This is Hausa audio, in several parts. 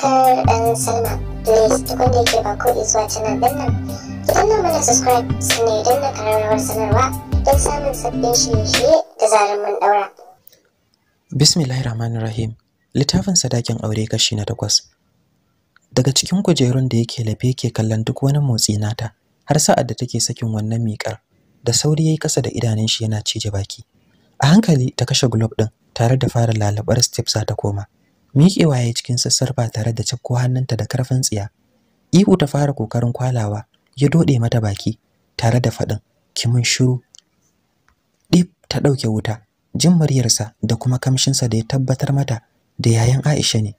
subscribe and sign up. Please ke subscribe sanarwa don samun Bismillahirrahmanirrahim. Littafin sadakin aure kashi na takwas. Daga cikin kujerun da yake lafe yake kallon duk wani motsi nata, har sa'ad da take sakin wannan miƙar, da sauri yayi kasa da idanun shi yana cije baki. A hankali ta kashe globe din tare da fara lalabar steps ta koma. miƙewa ya cikin sassarfa tare da cakko hannunta da karfin tsiya ihu ta fara kokarin kwalawa ya dode mata baki tare da faɗin kimin shiru ɗib ta ɗauke wuta jin muryarsa da kuma kamshinsa da ya tabbatar mata da yayan Aisha ne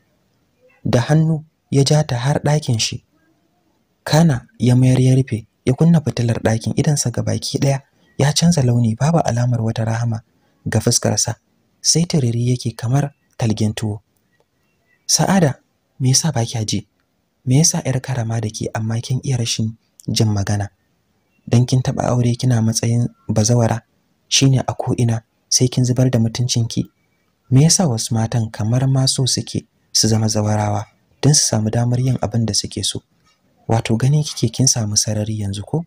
da hannu ya ja ta har ɗakin shi kana ya mayar ya rufe ya kunna fitilar ɗakin idansa ga baki ɗaya ya canza launi babu alamar wata rahama ga fuskarsa sai tiriri yake kamar talgin tuwo Sa'ada, me yasa ba kya ji? Me yasa yar karama da ke amma kin iya rashin jin magana? Dan kin taba aure kina matsayin bazawara shine a ko ina sai kin zubar da mutuncin ki. Me yasa wasu matan kamar ma so suke su zama zawarawa don su samu damar yin abin da suke so? Wato gani kike kin samu sarari yanzu ko?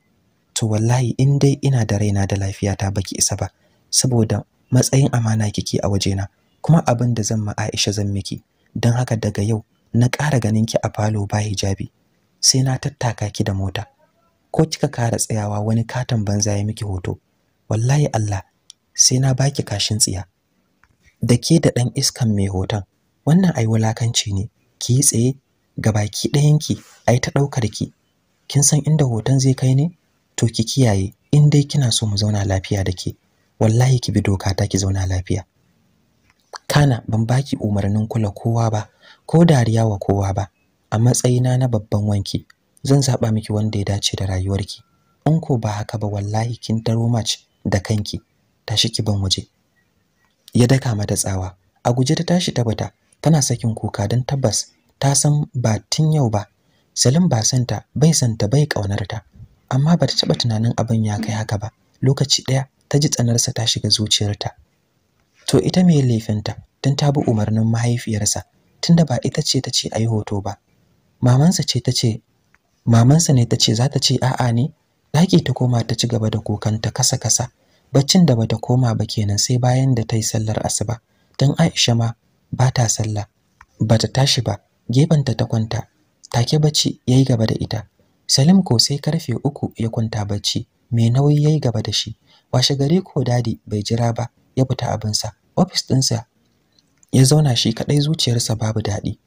To wallahi in dai ina da raina da lafiyata baki isa ba saboda matsayin amana kike a wajena kuma abin da zan ma Aisha zan miki. don haka daga yau na ƙara ganin ki a falo ba hijabi sai na tattaka ki da mota ko kika kara tsayawa wani katon banza ya miki hoto wallahi Allah sai na baki kashin tsiya da ke da ɗan iskan mai hoton wannan ai wulakanci ne ki yi tsaye ga baki ɗayanki ai ta ɗaukar ki kin san inda hoton zai kai ne to ki kiyaye in dai kina so mu zauna lafiya da ke wallahi ki bi doka ta ki zauna lafiya kana ban baki umarnin kula kowa ba ko dariya wa kowa ba a matsayina na babban wanki zan zaba miki wanda ya dace da rayuwarki in ko ba haka ba wallahi kin taro mach da kanki tashi ki ban waje ya daka mata tsawa a guje ta tashi ta tana sakin kuka don tabbas ta san ba tun yau ba Salim ba santa bai santa bai ƙaunarta. amma ba ta taba tunanin abin ya kai haka ba lokaci daya ta ji tsanarsa ta shiga zuciyarta to ita me laifinta tun ta bi umarnin mahaifiyarsa tunda ba ita ce ta ce a yi hoto ba mamansa ce ta ce mamansa ne ta ce za ta ce a'a ne ɗaki ta koma ta ci gaba da ta kasa kasa baccin da bata koma ba kenan sai bayan da ta yi sallar asuba don aisha ma ba ta sallah bata tashi ba gefenta ta kwanta take bacci yayi gaba da ita salim ko sai karfe uku ya kwanta bacci mai nauyi yayi gaba da shi washe gare ko dadi bai jira ba ya fita abinsa ofis ɗinsa ya zauna shi kaɗai zuciyarsa babu daɗi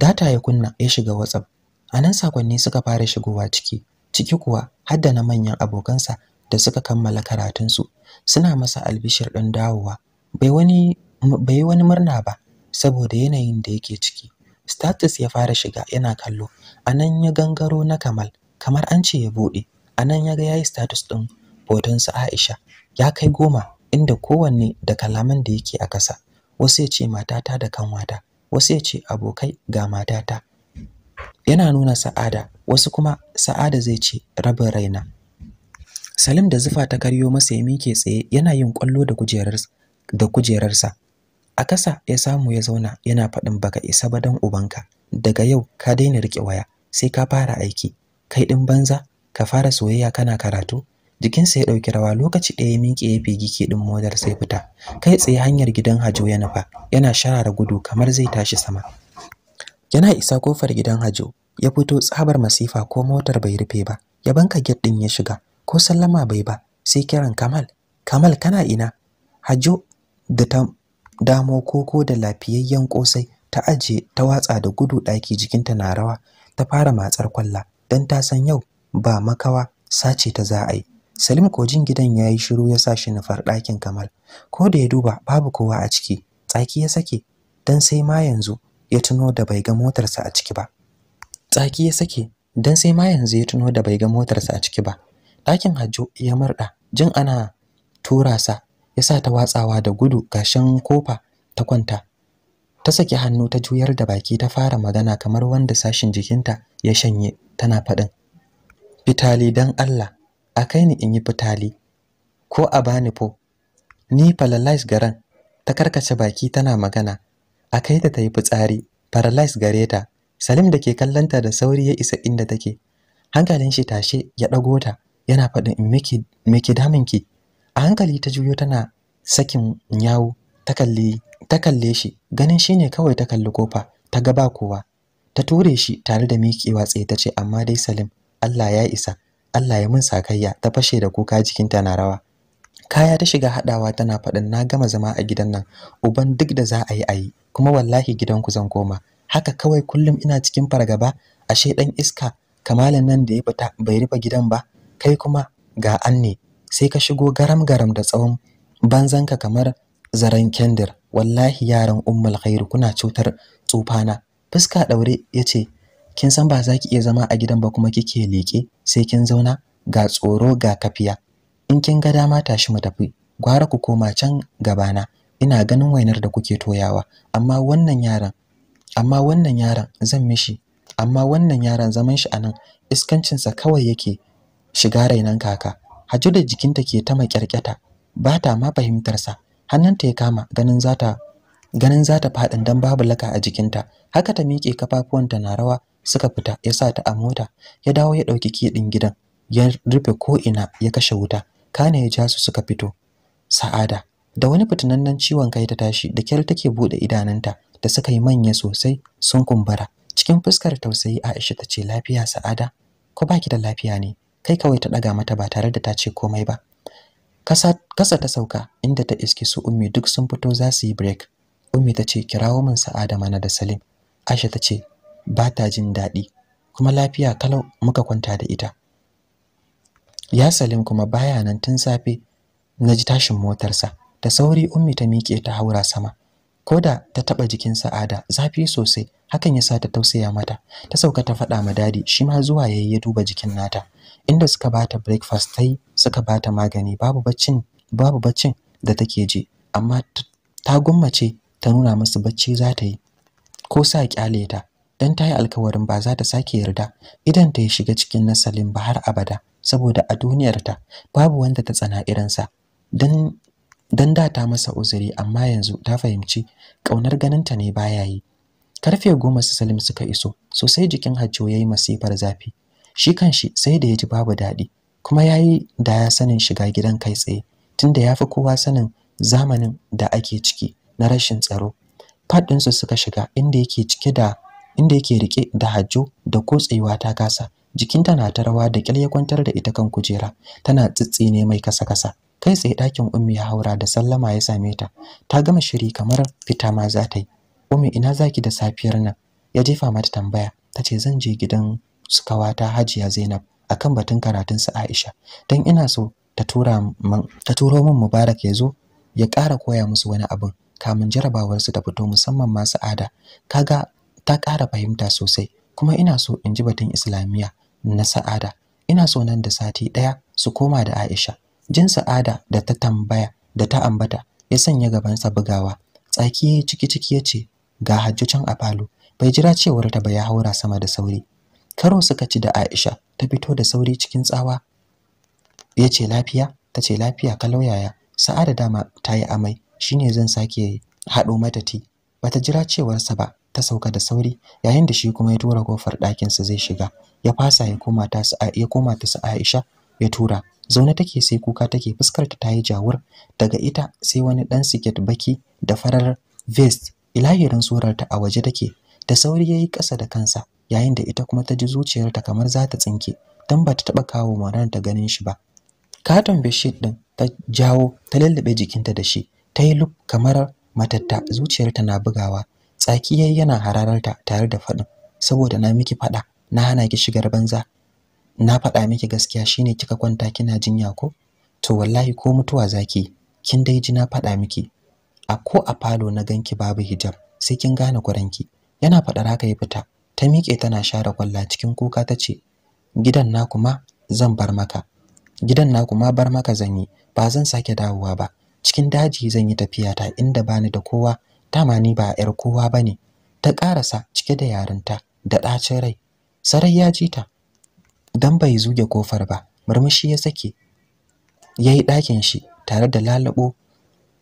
data ya kunna ya shiga whatsapp anan sakonni suka fara shigowa ciki ciki kuwa har da na manyan abokansa da suka kammala karatunsu suna masa albishir ɗin dawowa bai wani bai wani murna ba saboda yanayin da yake ciki status ya fara shiga yana kallo anan ya gangaro na kamal kamar an ce ya bude anan ya ga yayi status din hoton Aisha ya kai goma inda kowanne da kalaman da yake a ƙasa wasu ya ce matata da kanwata wasu ya ce abokai ga matata yana nuna sa'ada wasu kuma sa'ada zai ce rabin raina salim da zufa ta karyo masa ya mike tsaye yana yin kwallo da kujerar da kujerarsa a ƙasa ya samu ya zauna yana faɗin baka isa ba dan ubanka daga yau ka daina riƙe waya sai ka fara aiki kai ɗin banza ka fara soyayya kana karatu jikinsa ya ɗauki rawa lokaci ɗaya ya miƙe ya fegi kiɗin modar sai fita kai tsaye hanyar gidan hajo ya nufa yana sharara gudu kamar zai tashi sama yana isa kofar gidan hajo ya fito tsabar masifa ko motar bai rufe ba ya banka get ɗin ya shiga ko sallama bai ba sai kiran kamal kamal kana ina hajo da ta damo koko da lafiyayyen kosai ta aje ta watsa da gudu ɗaki jikinta na rawa ta fara matsar kwalla don ta san yau ba makawa sace ta za a Salim kojin gidan yayi shiru ya sa shi nufar ɗakin Kamal. Ko da ya duba babu kowa a ciki, tsaki ya sake, don sai ma yanzu ya tuno da bai ga motarsa a ciki ba. Tsaki ya sake, don sai ma yanzu ya tuno da bai ga motarsa a ciki ba. Ɗakin Hajjo ya murɗa, jin ana tura sa, ya sa ta watsawa da gudu gashin kofa ta kwanta. Ta saki hannu ta juyar da baki ta fara magana kamar wanda sashin jikinta ya shanye tana faɗin. Fitali dan Allah a kai ni in yi fitali ko a bani fo ni paralyze garan ta karkace baki tana magana a kai ta ta yi fitsari paralyze gare ta Salim da ke kallanta da sauri ya isa inda take hankalin shi tashe ya ɗago ta yana faɗin in miki miki daminki a hankali ta juyo tana sakin yawo ta kalle shi ganin shine kawai ta kalli kofa ta ga ba kowa ta ture shi tare da miƙewa tsaye ta ce amma dai Salim Allah ya isa Allah ya mun sakayya ta fashe da kuka jikin ta na rawa kaya ta shiga hadawa tana faɗin na gama zama a gidan nan uban duk da za a yi ayi kuma wallahi gidanku zan koma haka kawai kullum ina cikin fargaba ashe dan iska kamalan nan da ya fita bai rufe gidan ba kai kuma ga anne sai ka shigo garam garam da tsawon banzan ka kamar zaren kendir wallahi yaran ummul khair kuna cutar tsufana fuska daure yace kin san ba za ki iya zama a gidan ba kuma kike leke sai kin zauna ga tsoro ga kafiya in kin ga dama tashi mu tafi gwara ku koma can gabana ina ganin wainar da kuke toyawa amma wannan yaran amma wannan yaran zan mishi amma wannan yaran zaman shi anan iskancinsa kawai yake shiga rainan kaka haju da jikinta ke ta makyarkyata ba ta ma fahimtarsa hannunta ya kama ganin zata ganin zata faɗin dan babu laka a jikinta haka ta miƙe kafafuwanta na rawa suka fita ya sa ta a mota ya dawo ya ɗauki kiɗin gidan ya rufe ko ina ya kashe wuta kana ya ja su suka fito sa'ada da wani fitinannen ciwon kai ta tashi da kyar take bude idananta da suka yi manya sosai sun kumbura cikin fuskar tausayi Aisha ta ce lafiya sa'ada ko baki da lafiya ne kai kawai ta daga mata ba tare da ta ce komai ba kasa kasa ta sauka inda ta iske su ummi duk sun fito za su yi break ummi ta ce kirawo min sa'ada mana da Salim Aisha ta ce ba ta jin daɗi kuma lafiya kalau muka kwanta da ita ya salim kuma baya nan tun safe na ji tashin motarsa da sauri ummi ta miƙe ta haura sama Ko da ta taɓa jikin sa'ada zafi sosai hakan ya sa ta tausaya mata ta sauka ta faɗa ma dadi shi ma zuwa yayi ya duba jikin nata inda suka ba ta breakfast yi suka ba ta magani babu baccin babu baccin da take ji amma ta gwammace ta nuna musu bacci za ta yi ko sa kyale ta dan ta yi alkawarin ba za ta sake yarda idan ta shiga cikin nasalin ba har abada saboda a duniyarta babu wanda ta tsana irinsa dan dan da ta masa uzuri amma yanzu ta fahimci kaunar ganinta ne baya yi karfe goma su Salim suka iso sosai jikin Hajjo yi masifar zafi shi kanshi sai da ya ji babu daɗi kuma yayi da ya sanin shiga gidan kai tsaye tunda yafi kowa sanin zamanin da ake ciki na rashin tsaro Faɗinsu suka shiga inda yake cike da inda yake rike da hajjo da kotsewa ta kasa jikinta na ta rawa da kyal kwantar da ita kan kujera tana tsitsine mai kasa kasa kai tsaye dakin ummi ya haura da sallama ya same ta ta gama shiri kamar fita ma za ta yi ummi ina zaki da safiyar nan ya jefa mata tambaya ta ce zan je gidan su kawata hajiya zainab akan batun karatun su aisha dan ina so ta tura min ta turo min mubarak ya zo ya ƙara koya musu wani abin kamun jarabawarsu ta fito musamman masu ada kaga ta ƙara fahimta sosai kuma ina so in ji batun islamiyya na sa'ada ina so nan da sati ɗaya su koma da aisha jin sa'ada da ta tambaya da ta ambata ya sanya gabansa bugawa tsaki ciki ciki ya ce ga hajju can a falo bai jira cewar ta ba ya haura sama da sauri karo suka ci da aisha ta fito da sauri cikin tsawa ya ce lafiya ta ce lafiya kalau yaya sa'ada dama ta yi amai shine zan sake haɗo mata ti bata jira cewarsa ba ta sauka da sauri yayin da shi kuma ya tura kofar ɗakinsa zai shiga ya fasa ya koma ta su ya koma ta su Aisha ya tura zaune take sai kuka take fuskar ta tayi jawur daga ita sai wani dan siket baki da farar vest ilahirin surar ta a waje take da sauri yayi ƙasa da kansa yayin da ita kuma ta ji zuciyarta kamar za ta tsinke dan ba ta taba kawo maran ta ganin shi ba katon bedsheet din ta jawo ta lallabe jikinta da shi ta yi look kamar matatta zuciyarta na bugawa tsaki yayi yana harararta tare da faɗin saboda na miki faɗa na hana ki shigar banza na faɗa miki gaskiya shine kika kwanta kina jinya ko to wallahi ko mutuwa zaki kin dai ji na faɗa miki a ko a falo na ganki babu hijab sai kin gane kuranki yana faɗar haka ya fita ta miƙe tana share kwalla cikin kuka ta ce gidan na kuma zan bar maka gidan na kuma bar maka zan yi ba zan sake dawowa ba cikin daji zan yi tafiya ta inda bani da kowa Tamani ni ba yar kowa bane ta karasa cike da yarinta da ɗacin rai sarai ya ji ta dan bai zuge kofar ba murmushi ya sake yayi ɗakin shi tare da lalabo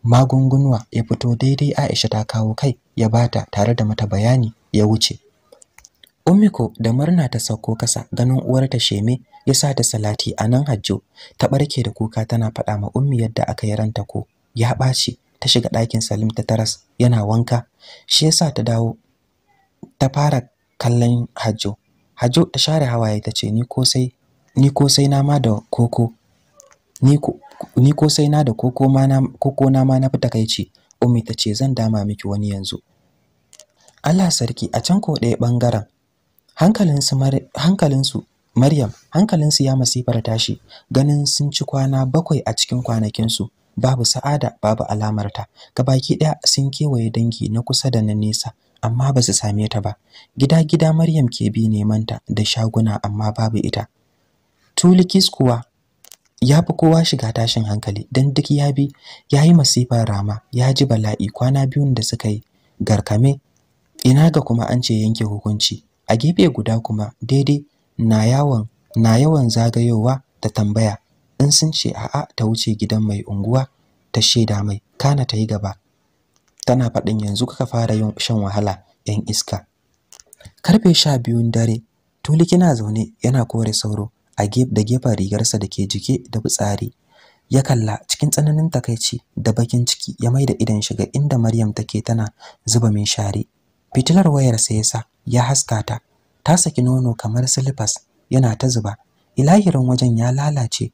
magungunwa ya fito daidai Aisha ta kawo kai ya bata tare da mata bayani ya wuce Ummiko da murna ta sauko kasa ganin uwarta sheme ya sa ta salati anan hajjo ta barke da kuka tana faɗa ma ummi yadda aka yaranta ko ya ɓaci ta shiga ɗakin Salim ta taras yana wanka shi yasa ta dawo ta fara kallon Hajjo Hajjo ta share hawaye ta ce ni ko sai ni na ma da koko ni ko sai na da koko ma na koko na ma na fita kai ce Ummi ta ce zan dama miki wani yanzu Allah sarki a can ko ɗaya bangaren hankalinsu Maryam hankalinsu ya masifar tashi ganin sun ci kwana bakwai a cikin kwanakinsu babu sa'ada babu alamarta gabaki daya sun kewaye dangi na kusa da na nesa amma ba su same ta ba gida gida Maryam ke bi neman ta da shaguna amma babu ita Tulikis kuwa ya fi kowa shiga tashin hankali dan duk ya bi ya yi masifar rama ya ji bala'i kwana biyun da suka yi garkame ina ga kuma an ce yanke hukunci a gefe guda kuma daidai na yawan na yawan zagayowa da tambaya in sun ce a'a ta wuce gidan mai unguwa ta sheda mai kana ta yi gaba tana faɗin yanzu kaka fara yin shan wahala yan iska karfe sha biyun dare tuli kina zaune yana kore sauro a da gefen rigarsa da ke jike da fitsari ya kalla cikin tsananin takaici da bakin ciki ya maida idan shiga inda Maryam take tana zuba min share fitilar wayar sa yasa ya haska ta ta saki nono kamar silifas yana ta zuba ilahirin wajen ya lalace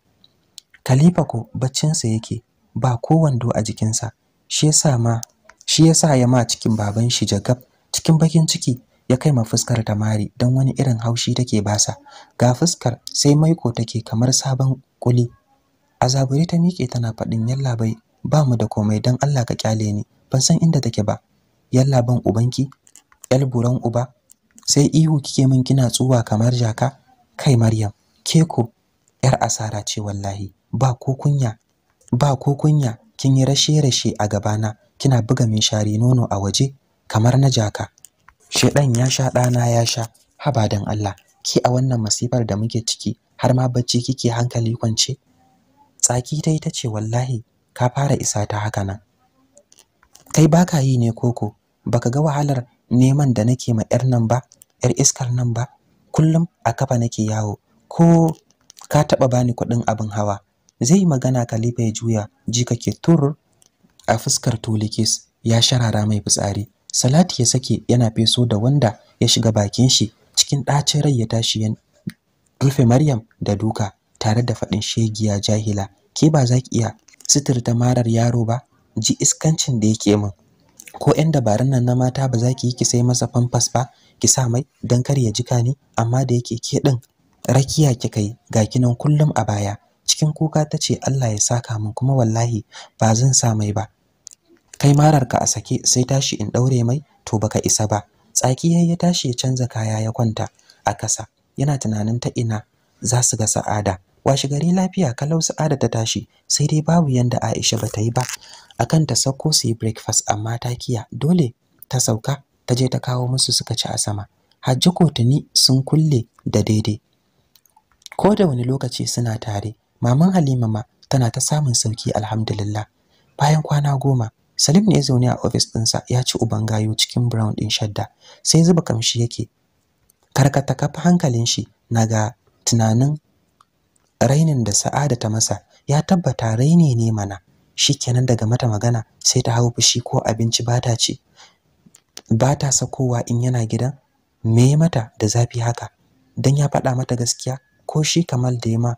Khalifa ko baccinsa yake ba ko wando a jikinsa shi yasa ma shi yasa ya ma cikin baban shi jagab cikin bakin ciki ya kai ma fuskar ta mari dan wani irin haushi take basa ga fuskar sai maiko take kamar sabon kuli azaburi ta mike tana faɗin yalla bai ba mu da komai don Allah ka kyale ni ban san inda take ba yalla ban ubanki yal buran uba sai ihu kike min kina tsuwa kamar jaka kai maryam ke ko yar asara ce wallahi ba ko kunya ba ko kunya kin yi rashe-rashe a gabana kina buga min shari nono a waje kamar na jaka shedan ya sha dana ya sha haba dan Allah ki a wannan masifar da muke ciki har ma bacci kike hankali kwance tsaki ta ita ce wallahi ka fara isa ta haka nan kai baka yi ne koko baka ga wahalar neman da nake ma yar nan ba yar iskar nan ba kullum a kafa nake yawo ko ka taba bani kuɗin abin hawa zai yi magana kalifa ya juya ji kake tur a fuskar Tolikis ya sharara mai fitsari Salati ya sake yana feso da wanda ya shiga bakin shi cikin ɗacin rai ya tashi ya rufe Maryam da duka tare da faɗin shegiya jahila ke ba za ki iya da marar yaro ba ji iskancin da yake min ko 'yan dabarun nan na mata ba za ki yi ki sai masa famfas ba ki sa mai don kar ya jika ni amma da yake ke din rakiya ki kai ga kinan kullum a baya cikin kuka ta ce Allah ya saka min kuma wallahi ba zan sa mai ba kai mararka a sake sai tashi in daure mai to baka isa ba tsaki yayi ya tashi ya canza kaya ya kwanta a kasa yana tunanin ta ina za su ga sa'ada washi gari lafiya kalau sa'ada ta tashi sai dai babu yanda Aisha bata yi ba akan ta sauko su yi breakfast amma ta kiya dole ta sauka ta je ta kawo musu suka ci a sama Hajji Kotuni sun kulle da daidai ko da wani lokaci suna tare maman Halima ma tana ta samun sauki alhamdulillah bayan kwana goma Salim ne ya zaune a ofis ɗinsa ya ci uban gayo cikin brown ɗin shadda sai zuba kamshi yake karkata kafa hankalin shi na ga tunanin rainin da Sa'ada ta masa ya tabbata raini ne mana Shi kenan daga mata magana sai ta hau fushi ko abinci ba ta ci ba ta sakowa in yana gidan me mata da zafi haka dan ya faɗa mata gaskiya ko shi Kamal da ma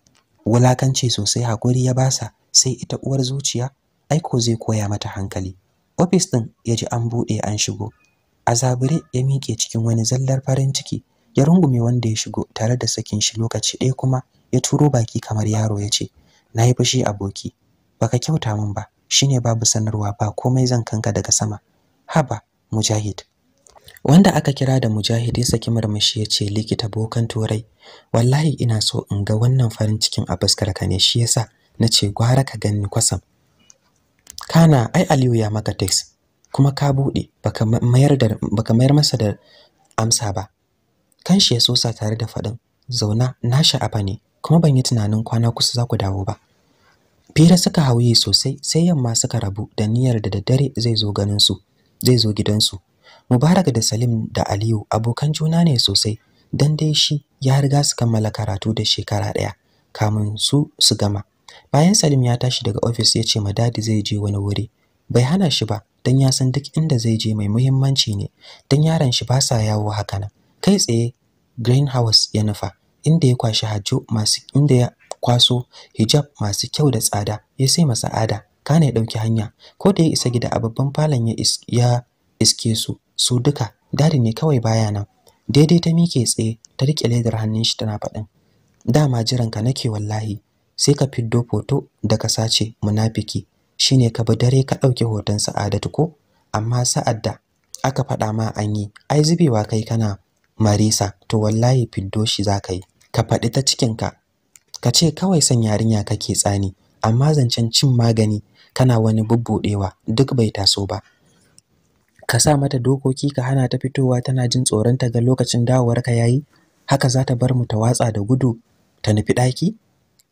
wulakanci sosai hakuri ya basa sai ita uwar zuciya aiko zai koya mata hankali ofis din ya ji an bude an shigo a zabire, ya miƙe cikin wani zallar farin ciki ya rungume wanda ya shigo tare da sakin shi lokaci ɗaya kuma ya turo baki kamar yaro ya ce na yi fushi aboki baka kyauta min ba shine babu sanarwa ba komai zan kanka daga sama haba mujahid wanda aka kira da mujahidi saki marmashi ya ce likita bokan turai wallahi ina so in ga wannan farin cikin a fuskar ka ne shi yasa na ce gwara ka gani kwasan. kana ai aliyu ya maka text kuma ka buɗe baka mayar mayar masa da amsa ba kan shi ya sosa tare da faɗin zauna na sha'afa ne kuma ban yi tunanin kwana kusa za ku dawo ba fira suka hauye sosai sai yamma suka rabu da niyyar da daddare zai zai zo gidansu Mubarak da Salim da Aliyu abokan juna ne sosai dan dai shi ya riga su kammala karatu da shekara ɗaya kamun su su gama. Bayan Salim ya tashi daga ofis ya ce ma dadi zai je wani wuri. Bai hana shi ba don ya san duk inda zai je mai muhimmanci ne dan yaron shi ba sa yawo haka nan. Kai tsaye greenhouse ya nufa inda ya kwashi hajjo masu inda ya kwaso hijab masu kyau da tsada ya sai masa ada kana ya ɗauki hanya ko da ya isa gida a babban falon ya iske su su duka dadi ne kawai baya nan daidai ta mike tsaye ta rike ledar hannun shi tana faɗin dama jiranka nake wallahi sai ka fiddo foto da ka sace munafiki shine ka bi dare ka ɗauki hoton sa'adatu ko amma sa'ad da aka faɗa ma an yi ai zubewa kai kana marisa to wallahi fiddo shi za ka yi ka faɗi ta cikinka ka ce kawai son yarinya kake tsani amma zancen cin magani kana wani bubbuɗewa duk bai taso ba ka sa mata dokoki ka hana ta fitowa tana jin tsoron ta ga lokacin dawowarka yayi haka za ta bar mu ta watsa da gudu ta nufi ɗaki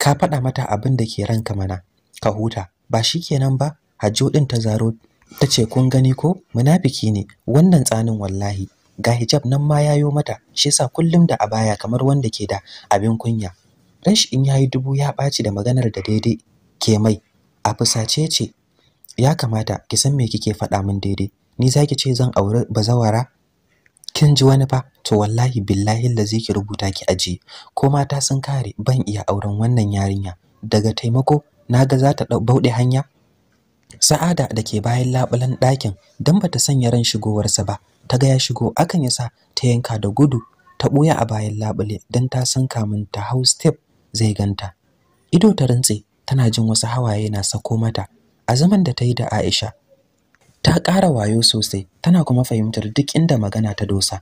ka faɗa mata abin da ke ranka mana ka huta ba shi kenan ba hajjo ɗin ta zaro ta ce kun gani ko munafiki ne wannan tsanin wallahi ga hijab nan ma yayo mata shi yasa kullum da a baya kamar wanda ke da abin kunya dan shi in yayi dubu ya ɓaci da maganar da daidai ke mai a fusace ce ya kamata ki san me kike faɗa min daidai ni zaki ce zan aure bazawara kin ji wani ba, to wallahi billahi lazi ki rubuta ki aje ko mata sun kare ban iya auren wannan yarinya daga taimako naga za ta bauɗe hanya Sa'ada da ke bayan labulan ɗakin don bata sanya ran shigowarsa ba, ta ga ya shigo akan yasa ta yanka da gudu ta ɓuya a bayan labule don ta san kamun ta hau step zai ganta. Ido ta rintse tana jin wasu hawaye na sako mata a zaman da ta yi da Aisha ta ƙara wayo sosai tana kuma fahimtar duk inda magana ta dosa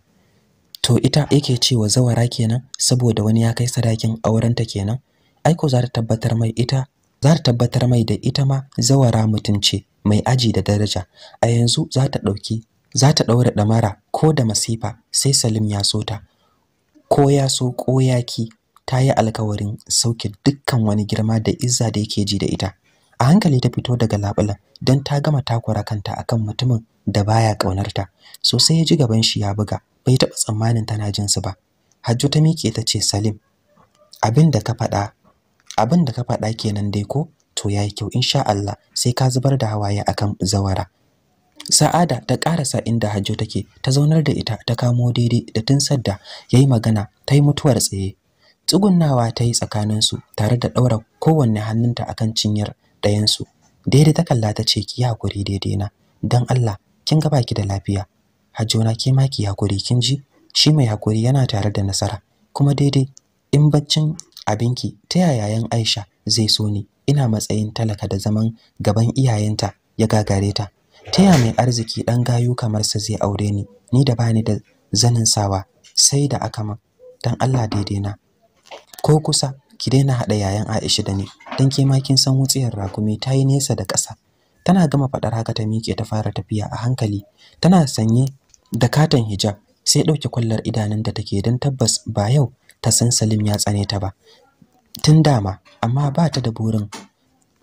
to ita yake cewa zawara kenan saboda wani ya kai sadakin aurenta kenan aiko za ta tabbatar mai ita za ta tabbatar mai da ita ma zawara mutunce mai aji da daraja a yanzu za ta ɗauki za ta ɗaura ɗamara ko da masifa sai salim ya so ta ko ya so ko yaki ta yi alkawarin sauke dukkan wani girma da izza da yake ji da ita a hankali ta fito daga labulan don ta gama takura kanta akan mutumin da baya ƙaunarta sosai ya ji gaban shi ya buga bai taɓa tsammanin tana jin su ba hajjo ta miƙe ta ce salim abin da ka faɗa abin da ka faɗa kenan dai ko to yayi kyau insha Allah sai ka zubar da hawaye akan zawara Sa'ada ta sa inda Hajjo take, ta zaunar da ita ta kamo daidai da tun sadda yayi magana ta yi mutuwar tsaye. Tsugunnawa ta yi tsakaninsu tare da ɗaura kowanne hannunta akan cinyar ɗayansu daidai ta kalla ta ce ki hakuri daidai na don Allah kin ga baki da lafiya hajjona ke ma ki hakuri kin ji shi mai hakuri yana tare da nasara kuma daidai in baccin abinki ta yaya yan Aisha zai so ni ina matsayin talaka da zaman gaban iyayenta ya gagare ta ta yaya mai arziki ɗan gayu kamar sa zai aure ni ni da bani da zanin sawa sai da aka dan Allah daidai na ko kusa ki daina haɗa yayan Aisha da ni dan ke ma kin san wutsiyar rakumi ta yi nesa da ƙasa tana gama faɗar haka ta miƙe ta fara tafiya a hankali tana sanye da katon hijab sai ɗauke kwallar idanun da take dan tabbas ba yau ta san Salim ya tsane ta ba tun dama amma ba ta da burin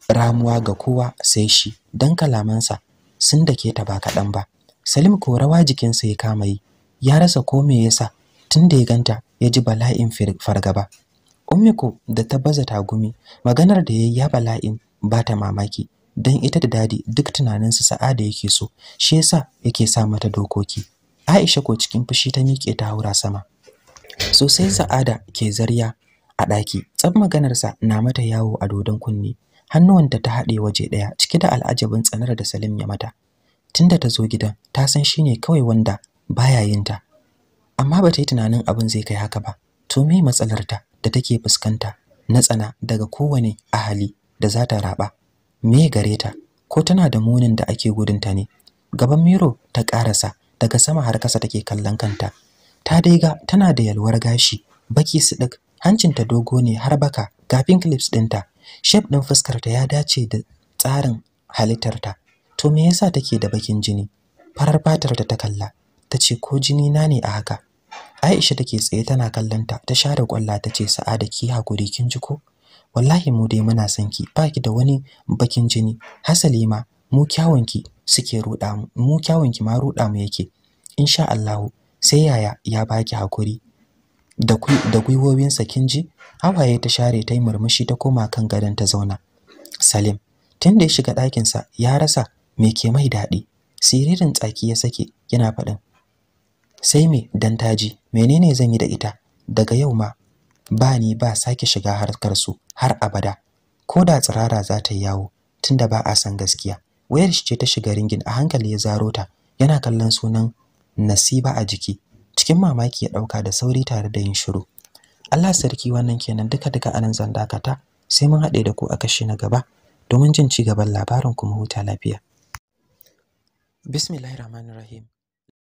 ramuwa ga kowa sai shi don kalamansa sun dake ta ba kaɗan ba Salim ko rawa jikinsa ya kama yi ya rasa ko me yasa tun da ya ganta ya ji bala'in fargaba Ummiko da ta baza tagumi maganar da yayi ya bala'in ba ta mamaki dan ita da dadi duk tunanin tunaninsu sa'ada yake so shi yasa yake sa mata dokoki Aisha ko cikin fushi ta miƙe ta haura sama sosai sa'ada ke zarya a ɗaki tsab maganarsa na mata yawo a dodon kunne hannuwanta ta haɗe waje ɗaya cike da al'ajabin tsanar da Salim ya mata tunda ta zo gidan ta san shine kawai wanda baya yin ta amma ba ta yi tunanin abin zai kai haka ba to me matsalarta? da take fuskanta na tsana daga kowane ahali da za ta raba me gare ta ko tana da munin da ake gudunta ne gaban miro ta karasa daga sama har kasa take kallon kanta ta dai ga tana da yalwar gashi baki sidik hancinta dogo ne har baka gafin clips dinta shape din fuskar ta ya dace da tsarin halittar ta to me yasa take da bakin jini farar fatar ta ta kalla tace ko jini na ne a haka Aisha take tsaye tana kallon ta ta share kwalla tace Sa'ada ki hakuri kin ji ko wallahi mu dai muna son ki ba ki da wani bakin jini hasali ma mu kyawun ki suke ruda mu mu kyawun ki ma ruda mu yake insha Allah sai yaya ya baki hakuri da ku da gwiwowinsa kin ji hawaye ta share ta murmushi ta koma kan gadon ta zauna Salim tunda ya shiga ɗakinsa ya rasa me ke mai daɗi siririn tsaki ya sake yana faɗin sai me dan taji menene zan yi da ita daga yau ma ba ni ba sake shiga harkar su har abada ko da tsirara za ta yawo tunda ba a san gaskiya wayar shi ce ta shiga ringin a hankali ya zaro ta yana kallon sunan Nasiba a jiki cikin mamaki ya dauka da sauri tare da yin shiru Allah sarki wannan kenan duka duka anan zan dakata sai mun haɗe da ku a kashi na gaba domin jin ci gaban labarin kuma huta lafiya Bismillahirrahmanirrahim